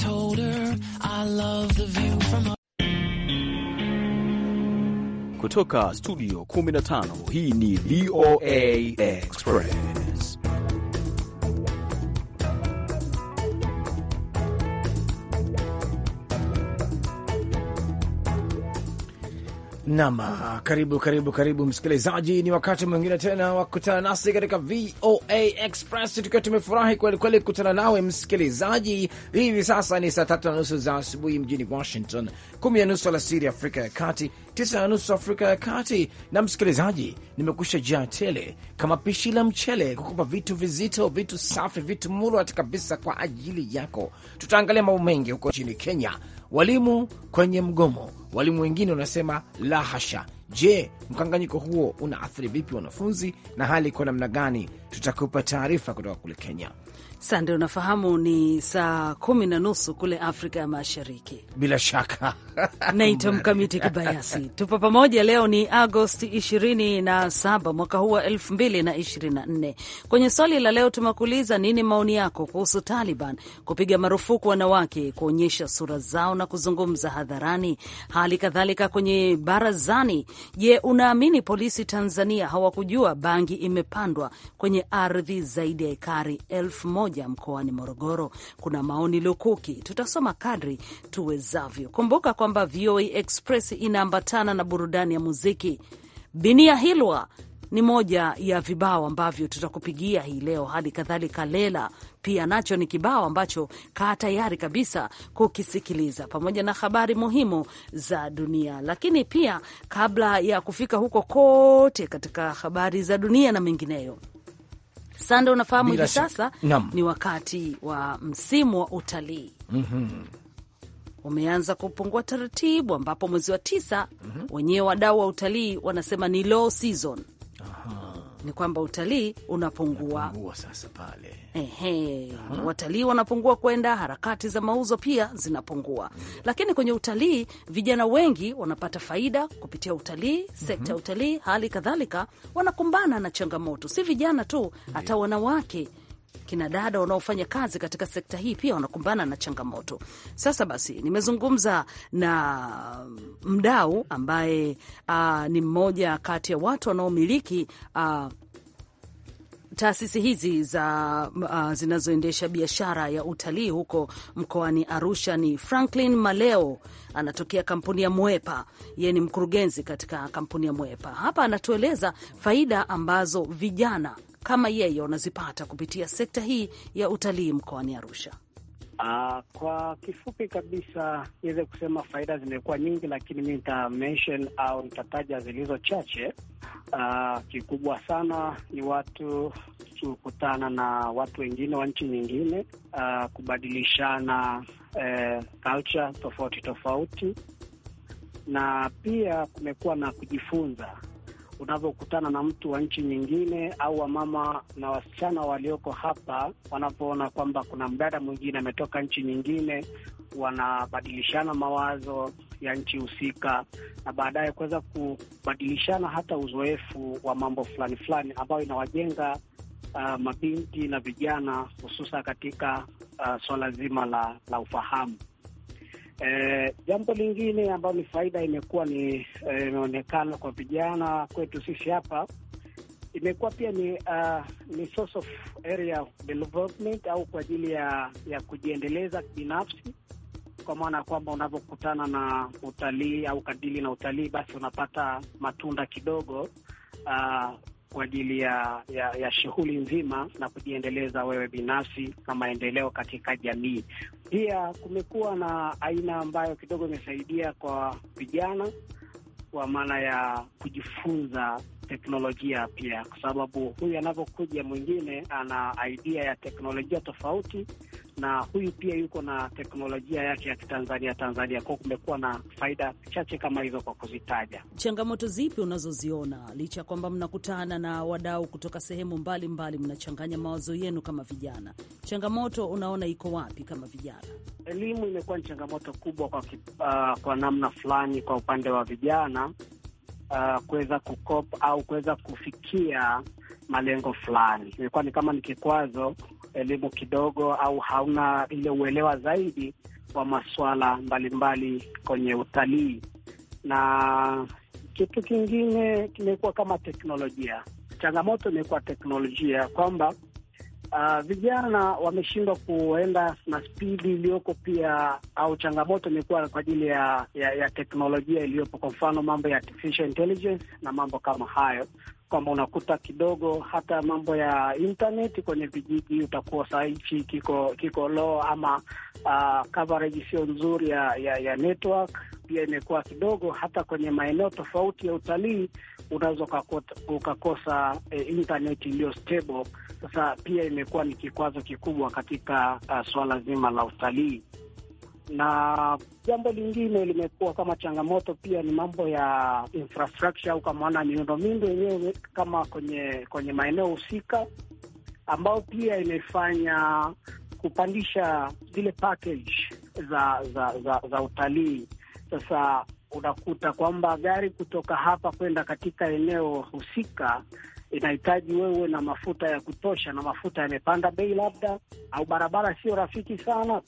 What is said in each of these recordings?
told her I love the view from a Kutoka studio 15 hii ni VOA Express. Nam, ah, karibu karibu karibu msikilizaji, ni wakati mwingine tena wa kukutana nasi katika VOA Express, tukiwa tumefurahi kwelikweli kukutana nawe msikilizaji. Hivi sasa ni saa tatu na nusu za asubuhi mjini Washington, kumi na nusu alasiri Afrika ya Kati, tisa na nusu Afrika ya Kati. Na msikilizaji, nimekusha jaa tele kama pishi la mchele kukupa vitu vizito, vitu safi, vitu murwat kabisa kwa ajili yako. Tutaangalia mambo mengi huko nchini Kenya, walimu kwenye mgomo walimu wengine wanasema la hasha, Je, mkanganyiko huo unaathiri vipi wanafunzi na hali iko namna gani? Tutakupa taarifa kutoka kule Kenya. Sande, unafahamu ni saa kumi na nusu kule Afrika ya Mashariki. Bila shaka naitwa Mkamiti Kibayasi, tupo pamoja leo. Ni Agosti 27 mwaka huu wa 2024. Kwenye swali la leo tumekuuliza nini maoni yako kuhusu Taliban kupiga marufuku wanawake kuonyesha sura zao na kuzungumza hadharani. Hali kadhalika kwenye barazani Je, unaamini polisi Tanzania hawakujua bangi imepandwa kwenye ardhi zaidi ya ekari elfu moja mkoani Morogoro? Kuna maoni lukuki, tutasoma kadri tuwezavyo. Kumbuka kwamba VOA Express inaambatana na burudani ya muziki. Binia Hilwa ni moja ya vibao ambavyo tutakupigia hii leo, hadi kadhalika Lela pia nacho ni kibao ambacho kaa tayari kabisa kukisikiliza, pamoja na habari muhimu za dunia. Lakini pia kabla ya kufika huko kote, katika habari za dunia na mengineyo Sande, unafahamu hivi sasa ni wakati wa msimu wa utalii mm -hmm umeanza kupungua taratibu, ambapo mwezi wa tisa mm -hmm. wenyewe wadau wa utalii wanasema ni low season ni kwamba utalii unapungua, unapungua sasa pale. Ehe, watalii wanapungua kwenda, harakati za mauzo pia zinapungua mm. Lakini kwenye utalii vijana wengi wanapata faida kupitia utalii, sekta ya mm -hmm. utalii, hali kadhalika wanakumbana na changamoto, si vijana tu, hata wanawake kina dada wanaofanya kazi katika sekta hii pia wanakumbana na changamoto. Sasa basi, nimezungumza na mdau ambaye uh, ni mmoja kati ya watu wanaomiliki taasisi hizi za uh, zinazoendesha biashara ya utalii huko mkoani Arusha ni Franklin Maleo, anatokea kampuni ya Mwepa. Yeye ni mkurugenzi katika kampuni ya Mwepa. Hapa anatueleza faida ambazo vijana kama yeye wanazipata kupitia sekta hii ya utalii mkoani Arusha? Uh, kwa kifupi kabisa niweze kusema faida zimekuwa nyingi, lakini mi nita mention au nitataja zilizo chache. Uh, kikubwa sana ni watu kukutana na watu wengine wa nchi nyingine, uh, kubadilishana eh, culture tofauti tofauti, na pia kumekuwa na kujifunza unavyokutana na mtu wa nchi nyingine au wamama na wasichana walioko hapa wanapoona kwamba kuna mdada mwingine ametoka nchi nyingine, wanabadilishana mawazo ya nchi husika na baadaye kuweza kubadilishana hata uzoefu wa mambo fulani fulani ambayo inawajenga uh, mabinti na vijana hususa katika uh, swala zima la, la ufahamu. Eh, jambo lingine ambalo ni faida imekuwa ni eh, imeonekana e, kwa vijana kwetu sisi hapa imekuwa pia ni, uh, ni source of area development au kwa ajili ya ya kujiendeleza binafsi, kwa maana ya kwamba unavyokutana na utalii au kadili na utalii, basi unapata matunda kidogo uh, kwa ajili ya, ya, ya shughuli nzima na kujiendeleza wewe binafsi na maendeleo katika jamii. Pia kumekuwa na aina ambayo kidogo imesaidia kwa vijana kwa maana ya kujifunza teknolojia pia, kwa sababu huyu anapokuja mwingine ana idea ya teknolojia tofauti na huyu pia yuko na teknolojia yake ya kitanzania Tanzania, kwao kumekuwa na faida chache kama hizo kwa kuzitaja. Changamoto zipi unazoziona licha ya kwamba mnakutana na wadau kutoka sehemu mbalimbali, mnachanganya mawazo yenu kama vijana, changamoto unaona iko wapi kama vijana? Elimu imekuwa ni changamoto kubwa kwa, uh, kwa namna fulani kwa upande wa vijana Uh, kuweza kukop au kuweza kufikia malengo fulani imekuwa ni kama ni kikwazo elimu kidogo au hauna ile uelewa zaidi wa masuala mbalimbali kwenye utalii. Na kitu kingine kimekuwa kama teknolojia, changamoto imekuwa teknolojia kwamba Uh, vijana wameshindwa kuenda na spidi iliyoko, pia au changamoto imekuwa kwa ajili ya, ya, ya teknolojia iliyopo, kwa mfano mambo ya artificial intelligence na mambo kama hayo kwamba unakuta kidogo hata mambo ya internet kwenye vijiji utakuwa saa hichi kiko, kiko low ama uh, coverage sio nzuri ya, ya, ya network pia imekuwa kidogo. Hata kwenye maeneo tofauti ya utalii unaweza ukakosa eh, internet iliyo stable. Sasa pia imekuwa ni kikwazo kikubwa katika uh, ah, suala zima la utalii na jambo lingine limekuwa kama changamoto pia ni mambo ya infrastructure au kama wana miundombinu yenyewe kama kwenye kwenye maeneo husika, ambayo pia imefanya kupandisha zile package za za za, za utalii. Sasa unakuta kwamba gari kutoka hapa kwenda katika eneo husika inahitaji wewe na mafuta ya kutosha, na mafuta yamepanda bei labda, au barabara sio rafiki sana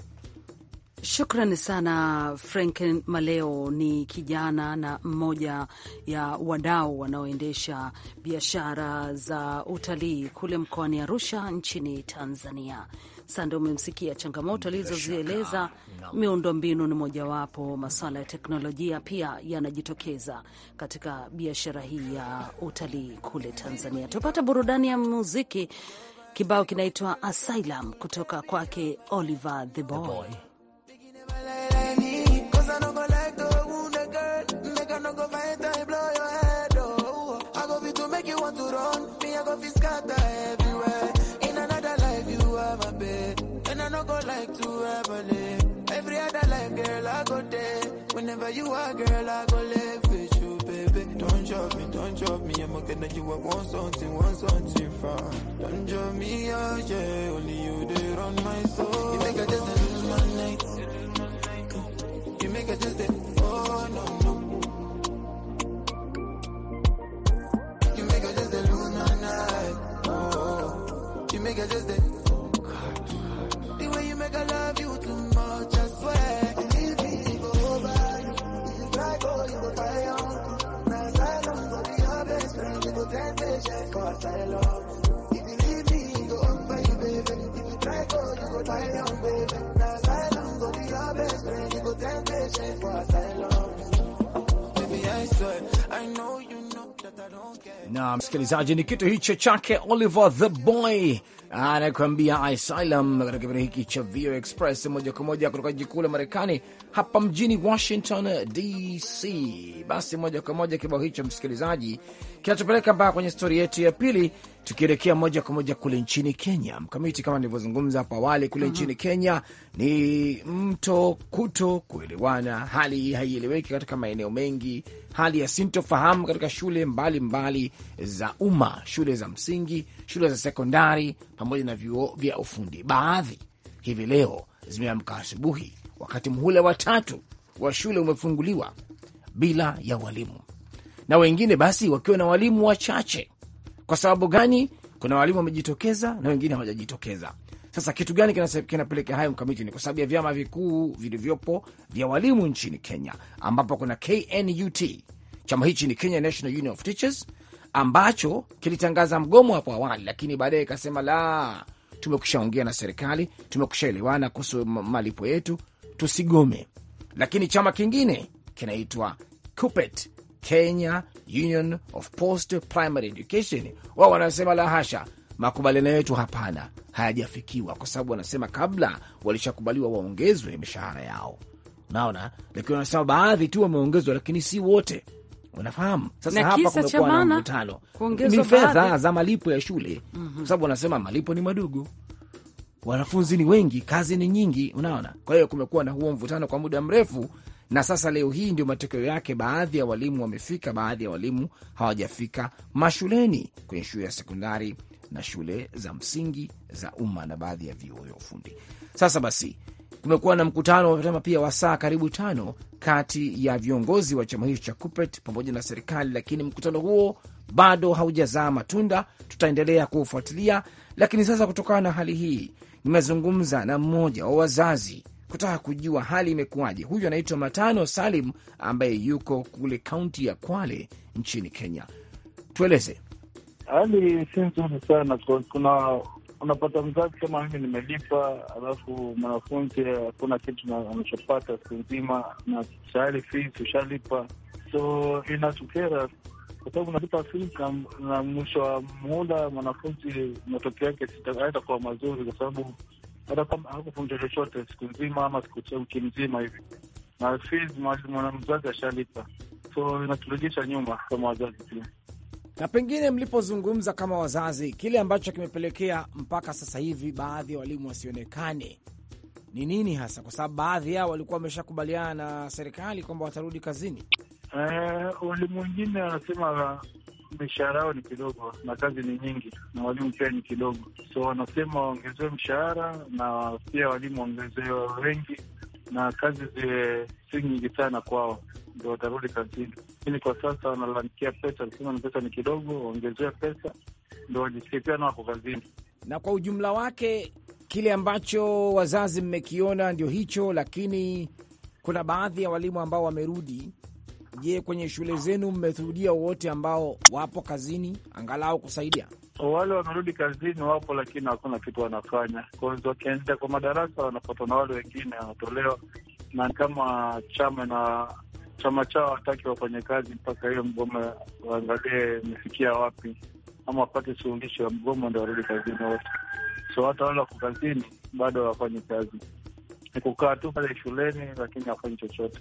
Shukrani sana frank Maleo ni kijana na mmoja ya wadau wanaoendesha biashara za utalii kule mkoani Arusha nchini Tanzania. Sande, umemsikia changamoto alizozieleza. Miundombinu ni mojawapo, masuala ya teknolojia pia yanajitokeza katika biashara hii ya utalii kule Tanzania. Tupata burudani ya muziki, kibao kinaitwa Asylum kutoka kwake Oliver the Boy. love is scatter everywhere. In another life, you are my babe. And I no go like to ever live. Every other life, girl, I go there. Whenever you are, girl, I go live with you, baby. Don't drop me, don't drop me. I'm okay that you I want something, want something from. Don't drop me, oh yeah. Only you there on my soul. You make a just lose my night. You make a just, oh no, no. night. Oh, oh, you make a just day. The way you make her love you to me. msikilizaji, ni kitu hicho chake Oliver the Boy anakuambia Asylum katika kipindi hiki cha VOA Express moja kwa moja kutoka jiji kuu la Marekani hapa mjini Washington DC. Basi moja kwa moja kibao hicho msikilizaji kinatupeleka mpaka kwenye stori yetu ya pili Tukielekea moja kwa moja kule nchini Kenya, Mkamiti, kama nilivyozungumza hapo awali, kule mm -hmm. nchini Kenya ni mto kuto kuelewana. Hali hii haieleweki katika maeneo mengi, hali ya sintofahamu katika shule mbalimbali mbali za umma, shule za msingi, shule za sekondari, pamoja na vyuo vya ufundi. Baadhi hivi leo zimeamka asubuhi, wakati muhula wa tatu wa shule umefunguliwa bila ya walimu, na wengine basi wakiwa na walimu wachache kwa sababu gani? Kuna walimu wamejitokeza na wengine hawajajitokeza. Sasa kitu gani kinapelekea hayo mkamiti? Ni kwa sababu ya vyama vikuu vilivyopo vya walimu nchini Kenya, ambapo kuna KNUT, chama hichi ni Kenya National Union of Teachers, ambacho kilitangaza mgomo hapo awali, lakini baadaye ikasema la, tumekusha ongea na serikali, tumekusha elewana kuhusu malipo yetu, tusigome. Lakini chama kingine kinaitwa KUPPET, Kenya Union of Post Primary Education, wao wanasema la hasha, makubaliano yetu hapana, hayajafikiwa kwa sababu wanasema kabla walishakubaliwa waongezwe mishahara yao, naona. Lakini wanasema baadhi tu wameongezwa, lakini si wote. Unafahamu sasa, hapa kumekuwa na mvutano, ni fedha za malipo ya shule mm -hmm. Kwa sababu wanasema malipo ni madogo, wanafunzi ni wengi, kazi ni nyingi, unaona. Kwa hiyo kumekuwa na huo mvutano kwa muda mrefu, na sasa leo hii ndio matokeo yake. Baadhi ya walimu wamefika, baadhi ya walimu hawajafika mashuleni kwenye shule ya sekondari na shule za msingi za umma na baadhi ya vyuo vya ufundi. Sasa basi, kumekuwa na mkutano mapema pia wa saa karibu tano kati ya viongozi wa chama hicho cha KUPET pamoja na serikali, lakini mkutano huo bado haujazaa matunda. Tutaendelea kuufuatilia, lakini sasa, kutokana na hali hii, nimezungumza na mmoja wa wazazi kutaka kujua hali imekuwaje. Huyu anaitwa Matano Salim ambaye yuko kule kaunti ya Kwale nchini Kenya. Tueleze hali. Si nzuri sana, kuna unapata mzazi kama mimi nimelipa, alafu mwanafunzi hakuna kitu anachopata siku nzima, na tayari fees ushalipa, so inatukera kwa sababu nalipa fees na mwisho wa muhula mwanafunzi matokeo yake haitakuwa mazuri, kwa sababu hata kama hakufunja chochote siku nzima ama siku wiki nzima hivi, na fees mzazi ashalipa, so inaturejesha nyuma kama wazazi pia. Na pengine mlipozungumza kama wazazi, kile ambacho kimepelekea mpaka sasa hivi baadhi ya walimu wasionekane ni nini hasa? Kwa sababu baadhi yao walikuwa wameshakubaliana na serikali kwamba watarudi kazini. Eh, walimu wengine wanasema mishahara yao ni kidogo na kazi ni nyingi, na walimu pia ni kidogo, so wanasema waongezewe mshahara na pia walimu waongezewe wengi, na kazi ziwe si nyingi sana kwao, ndo watarudi kazini. Lakini kwa sasa wanalalamikia pesa, kusema ni pesa ni kidogo, waongezewe pesa ndo wajisikie pia na wako kazini. Na kwa ujumla wake kile ambacho wazazi mmekiona ndio hicho, lakini kuna baadhi ya walimu ambao wamerudi Je, kwenye shule zenu mmeshuhudia wote ambao wapo kazini angalau kusaidia? Wale wanarudi kazini wapo, lakini hakuna kitu wanafanya. Kwanza wakienda kwa madarasa wanapatwa na wale wengine, wanatolewa na kama chama na chama chao hataki wafanye kazi mpaka hiyo mgomo waangalie imefikia wapi, ama wapate suluhisho ya mgomo ndo warudi kazini wote. So hata wale wako kazini bado hawafanyi kazi, ni kukaa tu pale shuleni, lakini hawafanyi chochote.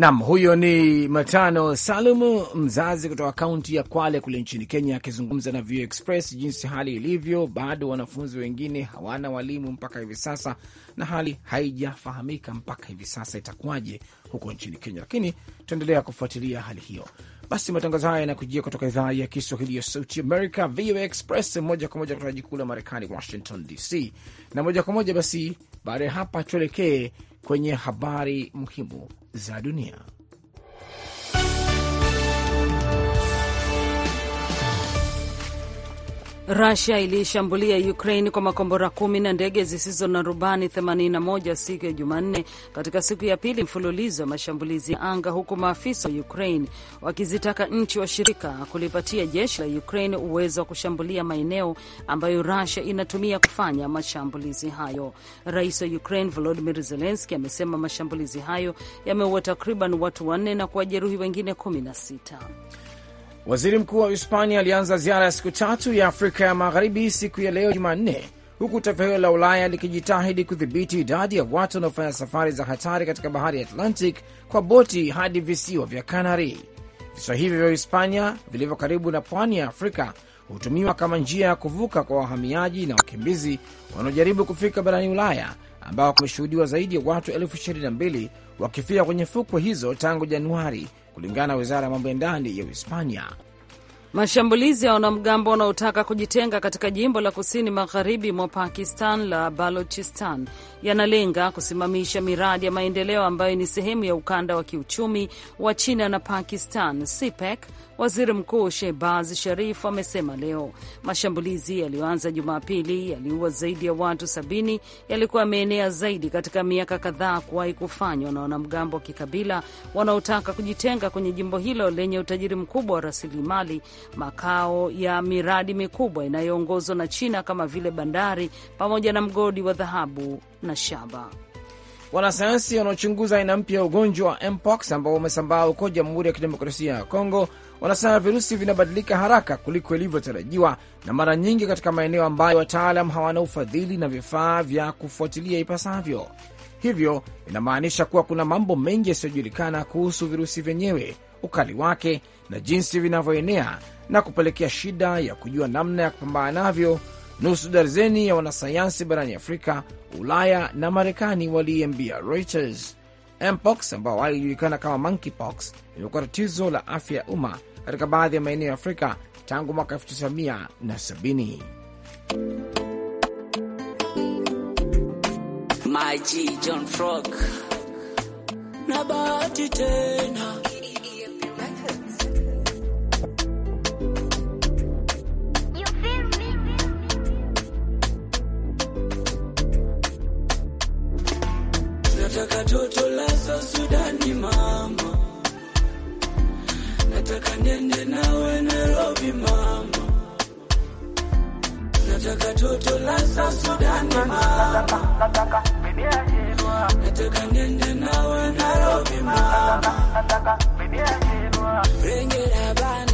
Nam, huyo ni Matano Salumu, mzazi kutoka kaunti ya Kwale kule nchini Kenya, akizungumza na VOA Express jinsi hali ilivyo. Bado wanafunzi wengine hawana walimu mpaka hivi sasa, na hali haijafahamika mpaka hivi sasa itakuwaje huko nchini Kenya, lakini tuendelea kufuatilia hali hiyo. Basi matangazo haya yanakujia kutoka idhaa ya Kiswahili ya Sauti Amerika, VOA Express, moja kwa moja kutoka jiji kuu la Marekani, Washington DC, na moja kwa moja basi baada ya hapa tuelekee kwenye habari muhimu za dunia. Rusia iliishambulia Ukraine kwa makombora kumi na ndege zisizo na rubani 81 siku ya Jumanne, katika siku ya pili mfululizo wa mashambulizi ya anga, huku maafisa wa Ukraine wakizitaka nchi washirika kulipatia jeshi la Ukraine uwezo wa kushambulia maeneo ambayo Rusia inatumia kufanya mashambulizi hayo. Rais wa Ukraine Volodimir Zelenski amesema mashambulizi hayo yameua takriban watu wanne na kuwajeruhi wengine 16. Waziri mkuu wa Hispania alianza ziara ya siku tatu ya Afrika ya magharibi siku ya leo Jumanne, huku taifa hilo la Ulaya likijitahidi kudhibiti idadi ya watu wanaofanya safari za hatari katika bahari ya Atlantic kwa boti hadi visiwa vya Kanari. Visiwa hivyo vya Hispania vilivyo karibu na pwani ya Afrika hutumiwa kama njia ya kuvuka kwa wahamiaji na wakimbizi wanaojaribu kufika barani Ulaya, ambao kumeshuhudiwa zaidi ya watu elfu ishirini wakifia kwenye fukwe hizo tangu Januari kulingana na wizara ya mambo ya ndani ya Uhispania. Mashambulizi ya wanamgambo wanaotaka kujitenga katika jimbo la kusini magharibi mwa Pakistan la Balochistan yanalenga kusimamisha miradi ya maendeleo ambayo ni sehemu ya ukanda wa kiuchumi wa China na Pakistan, CPEC. Waziri Mkuu Shehbaz Sharif amesema leo mashambulizi yaliyoanza Jumapili yaliua zaidi ya watu sabini yalikuwa yameenea zaidi katika miaka kadhaa kuwahi kufanywa na wanamgambo wa kikabila wanaotaka kujitenga kwenye jimbo hilo lenye utajiri mkubwa wa rasilimali makao ya miradi mikubwa inayoongozwa na China kama vile bandari pamoja na mgodi wa dhahabu na shaba. Wanasayansi wanaochunguza aina mpya ya ugonjwa wa mpox ambao umesambaa huko Jamhuri ya Kidemokrasia ya Kongo wanasema virusi vinabadilika haraka kuliko ilivyotarajiwa na mara nyingi katika maeneo ambayo wataalam hawana ufadhili na vifaa vya kufuatilia ipasavyo. Hivyo inamaanisha kuwa kuna mambo mengi yasiyojulikana kuhusu virusi vyenyewe, ukali wake na jinsi vinavyoenea na kupelekea shida ya kujua namna ya kupambana navyo. Nusu darzeni ya wanasayansi barani Afrika, Ulaya na Marekani waliiambia Reuters. Mpox ambao alijulikana kama monkeypox imekuwa tatizo la afya ya umma katika baadhi ya maeneo ya Afrika tangu mwaka 1970. John Frog na bahati tena Nataka toto la South Sudani mama, nataka niende nawe Nairobi mama, nataka toto la South Sudani mama, nataka niende nawe Nairobi mama, rengera bana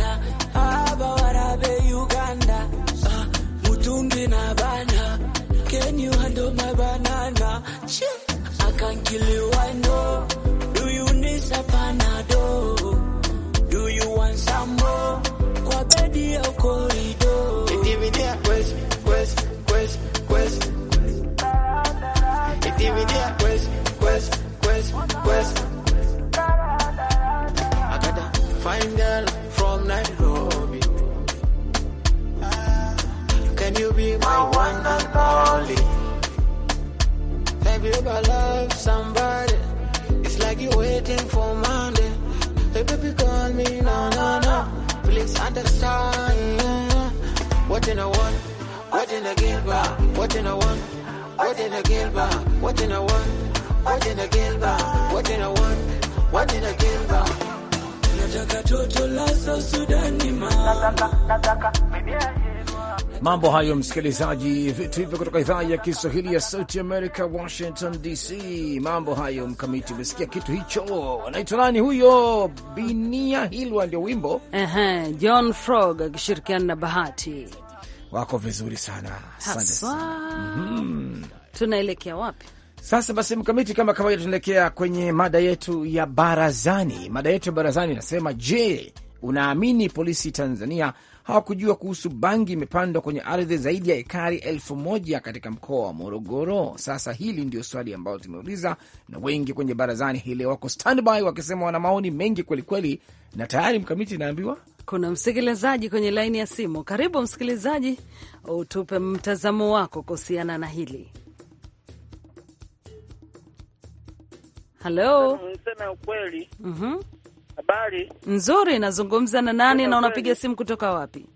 can kill you, I know. Do you need some panado? Do you want some more? Kwa bedi o corridor. Iti vidia, quest, quest, quest, quest. Iti vidia, quest, quest, quest, quest. I got a fine girl from Nairobi. Can you be my one and only? Baby, somebody. It's like you're waiting for Monday. Hey, baby, call me. No, no, no. Please understand. What in a one? What in a gilba? What in a one? What in a gilba? What in a one? What in a gilba? What in a one? What in a gilba? Nataka toto la Sudani ma. Nataka, nataka, baby. Mambo hayo msikilizaji, vitu hivyo kutoka idhaa ya Kiswahili ya Sauti Amerika, Washington DC. Mambo hayo mkamiti, umesikia kitu hicho? Anaitwa nani huyo? Binia Hilwa ndio wimbo -huh. John Frog akishirikiana na Bahati. Wako vizuri sana, asante Mm -hmm. Tunaelekea wapi sasa? Basi mkamiti, kama kawaida, tunaelekea kwenye mada yetu ya barazani. Mada yetu ya barazani inasema je, unaamini polisi Tanzania hawakujua kuhusu bangi imepandwa kwenye ardhi zaidi ya ekari elfu moja katika mkoa wa Morogoro? Sasa hili ndio swali ambalo tumeuliza, na wengi kwenye barazani hili wako standby wakisema wana maoni mengi kwelikweli, na tayari mkamiti inaambiwa kuna msikilizaji kwenye laini ya simu. Karibu msikilizaji, utupe mtazamo wako kuhusiana na hili. Halo, niseme ukweli. mm -hmm. Habari nzuri. Nazungumza na nani na unapiga simu kutoka wapi?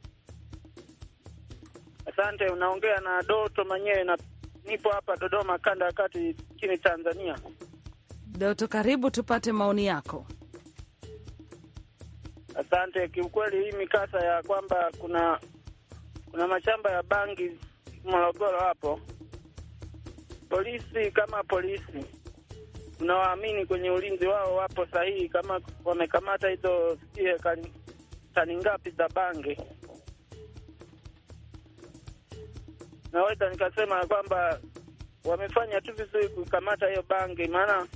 Asante. Unaongea na Doto Manyewe na nipo hapa Dodoma, kanda ya kati, nchini Tanzania. Doto, karibu tupate maoni yako. Asante. Kiukweli hii mikasa ya kwamba kuna kuna mashamba ya bangi Morogoro hapo, polisi kama polisi tunawaamini kwenye ulinzi wao, wapo sahihi. Kama wamekamata hizo tani ngapi za bange, naweza nikasema kwamba wamefanya tu vizuri kukamata hiyo bangi, maana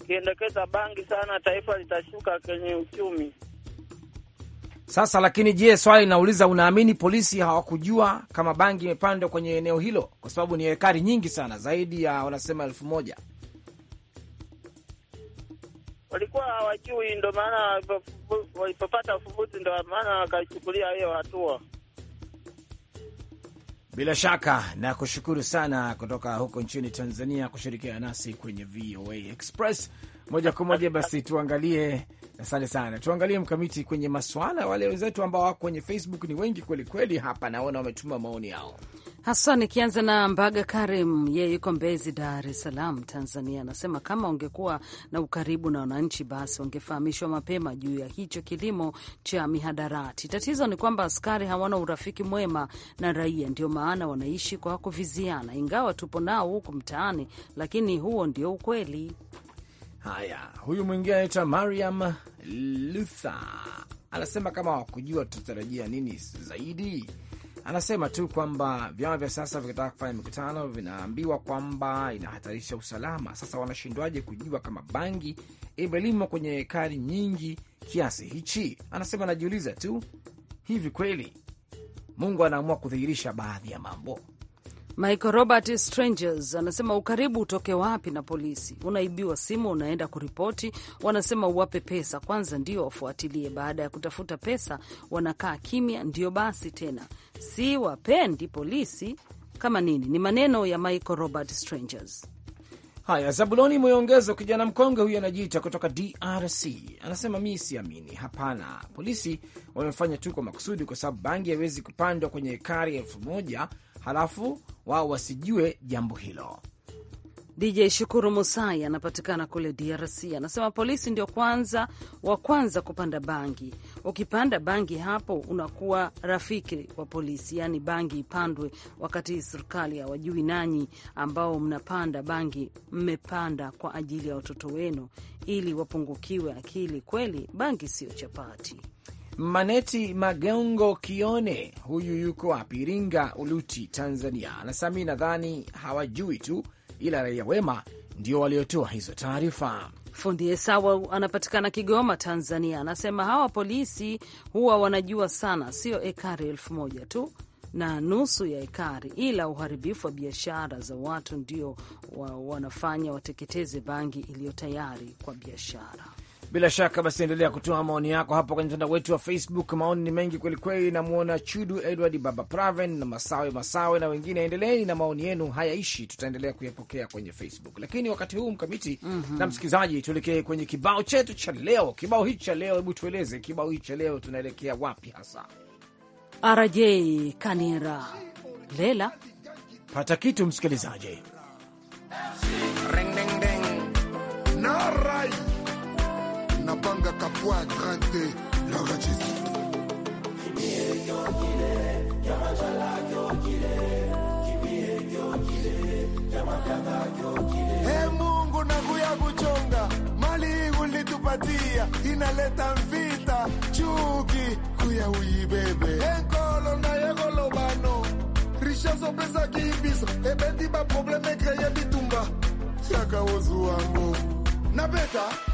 ukiendekeza bangi sana taifa litashuka kwenye uchumi. Sasa lakini, je, swali linauliza, unaamini polisi hawakujua kama bangi imepandwa kwenye eneo hilo? Kwa sababu ni hekari nyingi sana, zaidi ya wanasema elfu moja walikuwa hawajui, ndo maana walipopata ufumbuzi, ndo maana wakachukulia hiyo hatua. Bila shaka na kushukuru sana kutoka huko nchini Tanzania kushirikiana nasi kwenye VOA Express moja kwa moja. Basi tuangalie, asante sana, tuangalie mkamiti kwenye maswala wale wenzetu ambao wako kwenye Facebook. Ni wengi kwelikweli, hapa naona wametuma maoni yao hasa nikianza na Mbaga Karim, yeye yuko Mbezi, Dar es Salaam, Tanzania. Anasema kama ungekuwa na ukaribu na wananchi, basi wangefahamishwa mapema juu ya hicho kilimo cha mihadarati. Tatizo ni kwamba askari hawana urafiki mwema na raia, ndio maana wanaishi kwa kuviziana, ingawa tupo nao huku mtaani, lakini huo ndio ukweli. Haya, huyu mwingine anaitwa Mariam Luther, anasema kama wakujua tutarajia nini zaidi Anasema tu kwamba vyama vya sasa vikitaka kufanya mikutano vinaambiwa kwamba inahatarisha usalama. Sasa wanashindwaje kujua kama bangi imelimwa kwenye hekari nyingi kiasi hichi? Anasema anajiuliza tu, hivi kweli Mungu anaamua kudhihirisha baadhi ya mambo? Michael Robert Strangers anasema ukaribu utoke wapi na polisi? Unaibiwa simu, unaenda kuripoti, wanasema uwape pesa kwanza ndio wafuatilie. Baada ya kutafuta pesa wanakaa kimya, ndio basi tena, si wapendi polisi kama nini? Ni maneno ya Michael Robert Strangers. Haya, Zabuloni Mweongezo, kijana mkonge huyu anajiita kutoka DRC, anasema mi siamini. Hapana, polisi wamefanya tu kwa makusudi, kwa sababu bangi haiwezi kupandwa kwenye ekari elfu moja halafu wao wasijue jambo hilo. DJ Shukuru Musai anapatikana kule DRC, anasema polisi ndio kwanza wa kwanza kupanda bangi. Ukipanda bangi hapo unakuwa rafiki wa polisi, yaani bangi ipandwe wakati serikali hawajui. Nanyi ambao mnapanda bangi, mmepanda kwa ajili ya watoto wenu ili wapungukiwe akili. Kweli bangi siyo chapati. Maneti Magongo Kione, huyu yuko wapi? Iringa Uluti, Tanzania, anasema mi nadhani hawajui tu, ila raia wema ndio waliotoa hizo taarifa. Fundi Esawa anapatikana Kigoma, Tanzania, anasema hawa polisi huwa wanajua sana, sio ekari elfu moja tu na nusu ya ekari, ila uharibifu wa biashara za watu ndio wa wanafanya wateketeze bangi iliyo tayari kwa biashara. Bila shaka basi, endelea kutoa maoni yako hapo kwenye mtandao wetu wa Facebook. Maoni ni mengi kwelikweli. Namwona Chudu Edward, Baba Praven na Masawe Masawe na wengine, endelei na maoni yenu, hayaishi, tutaendelea kuyapokea kwenye Facebook. Lakini wakati huu mkamiti mm -hmm. na msikilizaji, tuelekee kwenye kibao chetu cha leo. Kibao hichi cha leo, hebu tueleze kibao hichi cha leo, tunaelekea wapi hasa? RJ kanera Lela, pata kitu msikilizaji napangaka poa grade le registre Hey Mungu nakuya kuchonga mali ulitupatia inaleta mvita chuki kuya uyibebe enkolo nayekolobano rishaso pesa kiibiso ebendi baprobleme kreye bitumba yakawozu wangu nabeta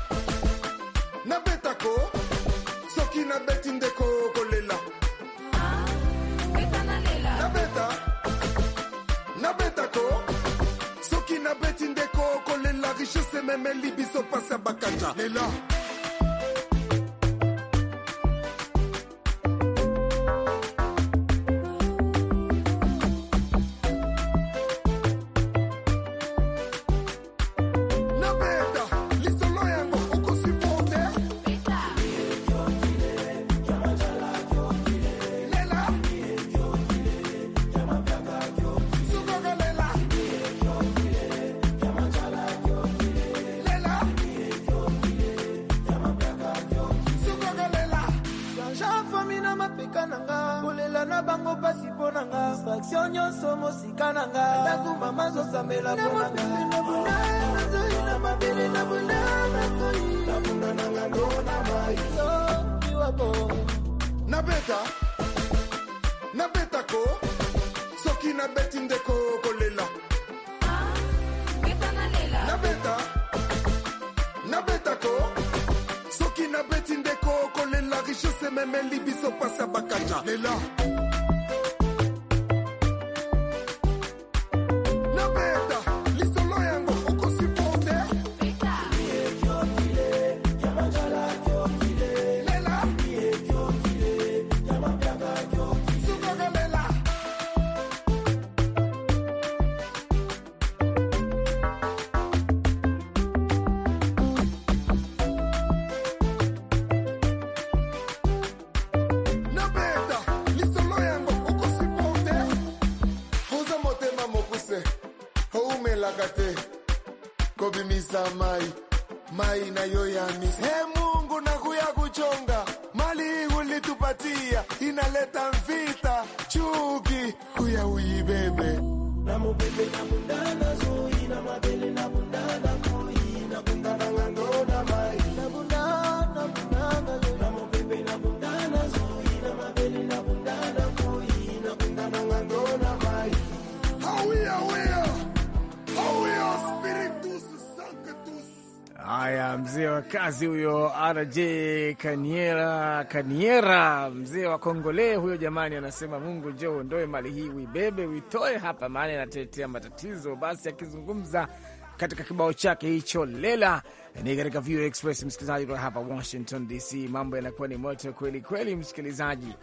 nabetako soki nabeti ndeko kolela nabeta nabetako soki nabeti ndeko kolela richese memeli biso pasi ya bakanja lela kosenga na bango mpasi mpo na nga fraktio nyonso mosika na nga ndako mama zosambela mponangaoina mabele na bunda nakoi na nga ndo na mai iwabo nabeta nabetako soki nabeti ndeko kolela nabeta nabetako soki nabeti ndeko kolela richese memeli biso pasi ya bakanja lela RJ Kaniera Kaniera, mzee wa Kongole huyo. Jamani, anasema Mungu njo uondoe mali hii, uibebe uitoe hapa, maana inatetea matatizo. Basi akizungumza katika kibao chake hicho Lela ni katika View Express, msikilizaji kutoka hapa Washington DC. Mambo yanakuwa ni moto kweli kweli, msikilizaji.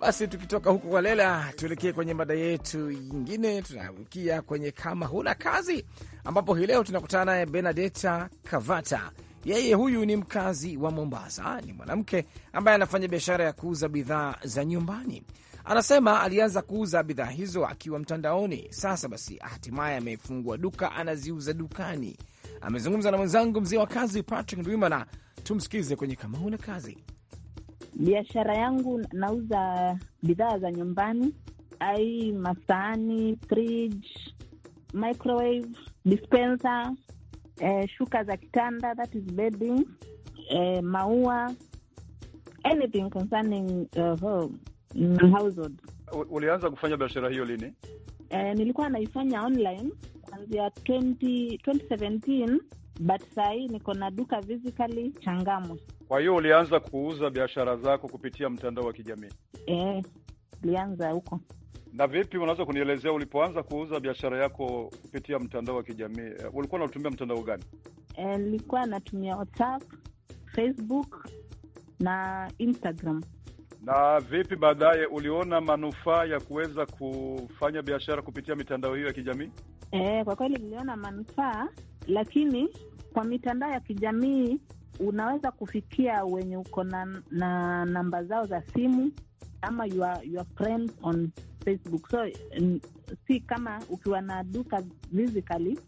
Basi tukitoka huko kwa Lela, tuelekee kwenye mada yetu yingine. Tunaamkia kwenye kama huna kazi, ambapo hii leo tunakutana naye Benadeta Kavata. Yeye huyu ni mkazi wa Mombasa, ni mwanamke ambaye anafanya biashara ya kuuza bidhaa za nyumbani. Anasema alianza kuuza bidhaa hizo akiwa mtandaoni. Sasa basi, hatimaye amefungua duka, anaziuza dukani. Amezungumza na mwenzangu mzee wa kazi Patrick Ndwimana, tumsikize kwenye kama huna kazi. Biashara yangu nauza bidhaa za nyumbani, ai, masahani, fridge, microwave, dispenser eh, shuka za kitanda that is bedding, eh, maua anything concerning uh, home, mm, household. Ulianza kufanya biashara hiyo lini? Eh, nilikuwa naifanya online kuanzia 2017 but sahii niko na duka physically Changamwe. Kwa hiyo ulianza kuuza biashara zako kupitia mtandao wa kijamii? Eh, ulianza huko na vipi, unaweza kunielezea ulipoanza kuuza biashara yako kupitia mtandao wa kijamii, eh, ulikuwa unatumia mtandao gani? Eh, nilikuwa e, natumia WhatsApp, Facebook na Instagram. Na vipi, baadaye uliona manufaa ya kuweza kufanya biashara kupitia mitandao hiyo ya kijamii? E, kwa kweli niliona manufaa, lakini kwa mitandao ya kijamii unaweza kufikia wenye uko na, na namba zao za simu ama your, your friends on Facebook. So si kama ukiwa na duka physically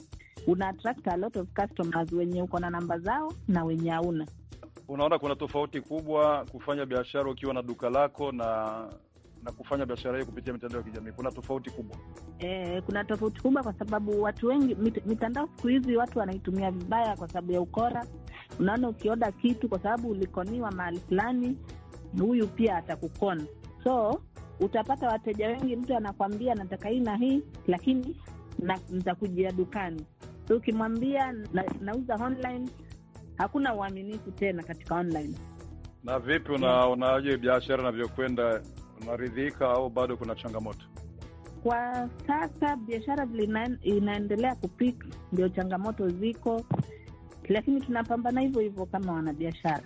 una attract a lot of customers wenye uko na namba zao na wenye hauna. Unaona kuna tofauti kubwa kufanya biashara ukiwa na duka lako na na kufanya biashara hiyo kupitia mitandao ya kijamii, kuna tofauti kubwa eh, kuna tofauti kubwa kwa sababu watu wengi mit, mitandao siku hizi watu wanaitumia vibaya kwa sababu ya ukora. Unaona, ukioda kitu kwa sababu ulikoniwa mahali fulani, huyu pia atakukona. So utapata wateja wengi, mtu anakwambia nataka hii na hii, lakini nitakujia dukani. So ukimwambia na, nauza online, hakuna uaminifu tena katika online. Na vipi, unaonaje biashara inavyokwenda? Unaridhika au bado kuna changamoto? Kwa sasa biashara vile inaendelea kupik, ndio changamoto ziko, lakini tunapambana hivyo hivyo kama wanabiashara.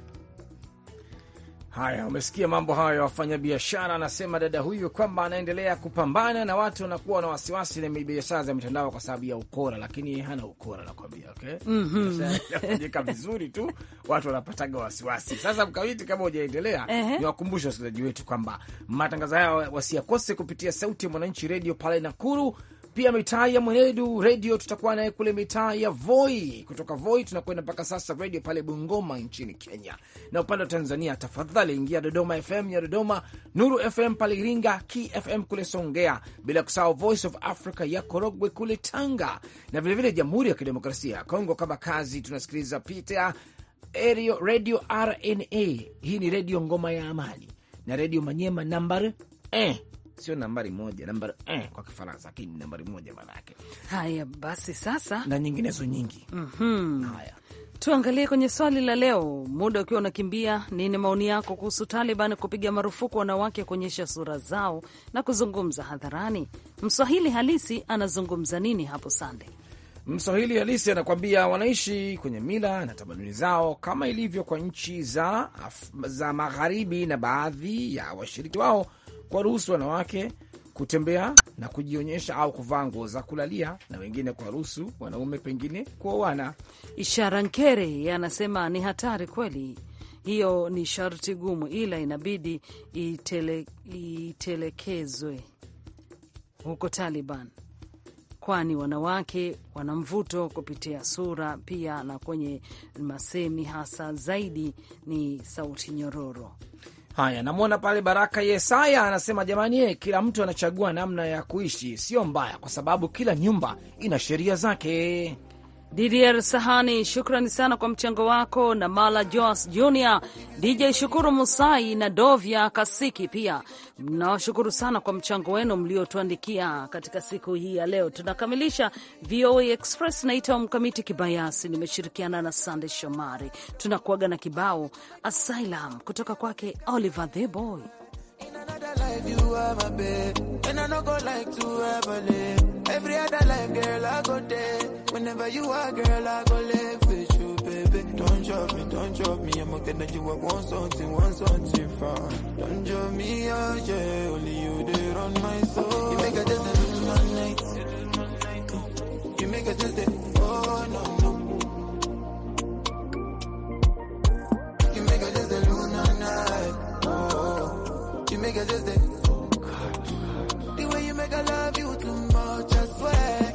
Haya, umesikia mambo hayo ya wafanyabiashara. Anasema dada huyu kwamba anaendelea kupambana na watu wanakuwa na wasiwasi na biashara za mitandao kwa sababu ya ukora, lakini hana ukora nakwambia, okay? mm -hmm. Nafanyika vizuri tu, watu wanapataga wasiwasi. Sasa Mkawiti, kama ujaendelea, -huh. wakumbusha wasikilizaji wetu kwamba matangazo haya wasiyakose kupitia Sauti ya Mwananchi redio pale Nakuru pia mitaa ya mwenedu redio, tutakuwa naye kule mitaa ya Voi. Kutoka Voi tunakwenda mpaka sasa redio pale Bungoma nchini Kenya, na upande wa Tanzania tafadhali ingia Dodoma FM ya Dodoma, Nuru FM pale Iringa, KFM kule Songea, bila kusahau Voice of Africa ya Korogwe kule Tanga, na vilevile Jamhuri ya Kidemokrasia ya Kongo kama kazi tunasikiliza pita radio RNA. Hii ni redio Ngoma ya Amani na redio Manyema nambar eh sio nambari moja, nambari eh, kwa Kifaransa, lakini nambari moja maana yake. Haya basi, sasa na nyinginezo nyingi. mm -hmm. Haya, tuangalie kwenye swali la leo, muda ukiwa unakimbia. Nini maoni yako kuhusu Taliban kupiga marufuku wanawake kuonyesha sura zao na kuzungumza hadharani? Mswahili halisi anazungumza nini hapo, Sande? Mswahili halisi anakuambia wanaishi kwenye mila na tamaduni zao kama ilivyo kwa nchi za, za magharibi na baadhi ya washiriki wao kuwaruhusu wanawake kutembea na kujionyesha au kuvaa nguo za kulalia na wengine kuwaruhusu wanaume pengine kuoana. Ishara Nkere anasema ni hatari kweli, hiyo ni sharti gumu, ila inabidi itele, itelekezwe huko Taliban kwani wanawake wana mvuto kupitia sura pia na kwenye masemi, hasa zaidi ni sauti nyororo. Haya, namwona pale Baraka Yesaya anasema jamani, ye, eh, kila mtu anachagua namna ya kuishi, sio mbaya, kwa sababu kila nyumba ina sheria zake. Didier Sahani, shukrani sana kwa mchango wako, na Mala Joas Junior, DJ Shukuru Musai na Dovya Kasiki pia mnawashukuru sana kwa mchango wenu mliotuandikia katika siku hii ya leo. Tunakamilisha VOA Express. Naitwa Mkamiti Kibayasi, nimeshirikiana na Sande Shomari. Tunakuaga na kibao Asylum kutoka kwake Oliver the Boy. In another life, you are my babe. And I no go like to ever live. Every other life, girl, I go there. Whenever you are, girl, I go live with you, baby. Don't drop me, don't drop me. I'm okay that you want something, want something from. Don't drop me, oh yeah. Only you there on my soul. You make a just a lose my night. You make a just a, oh no, no. You make a just a lunar night. Oh. oh, oh make us this day. The way you make I love you too much, I swear.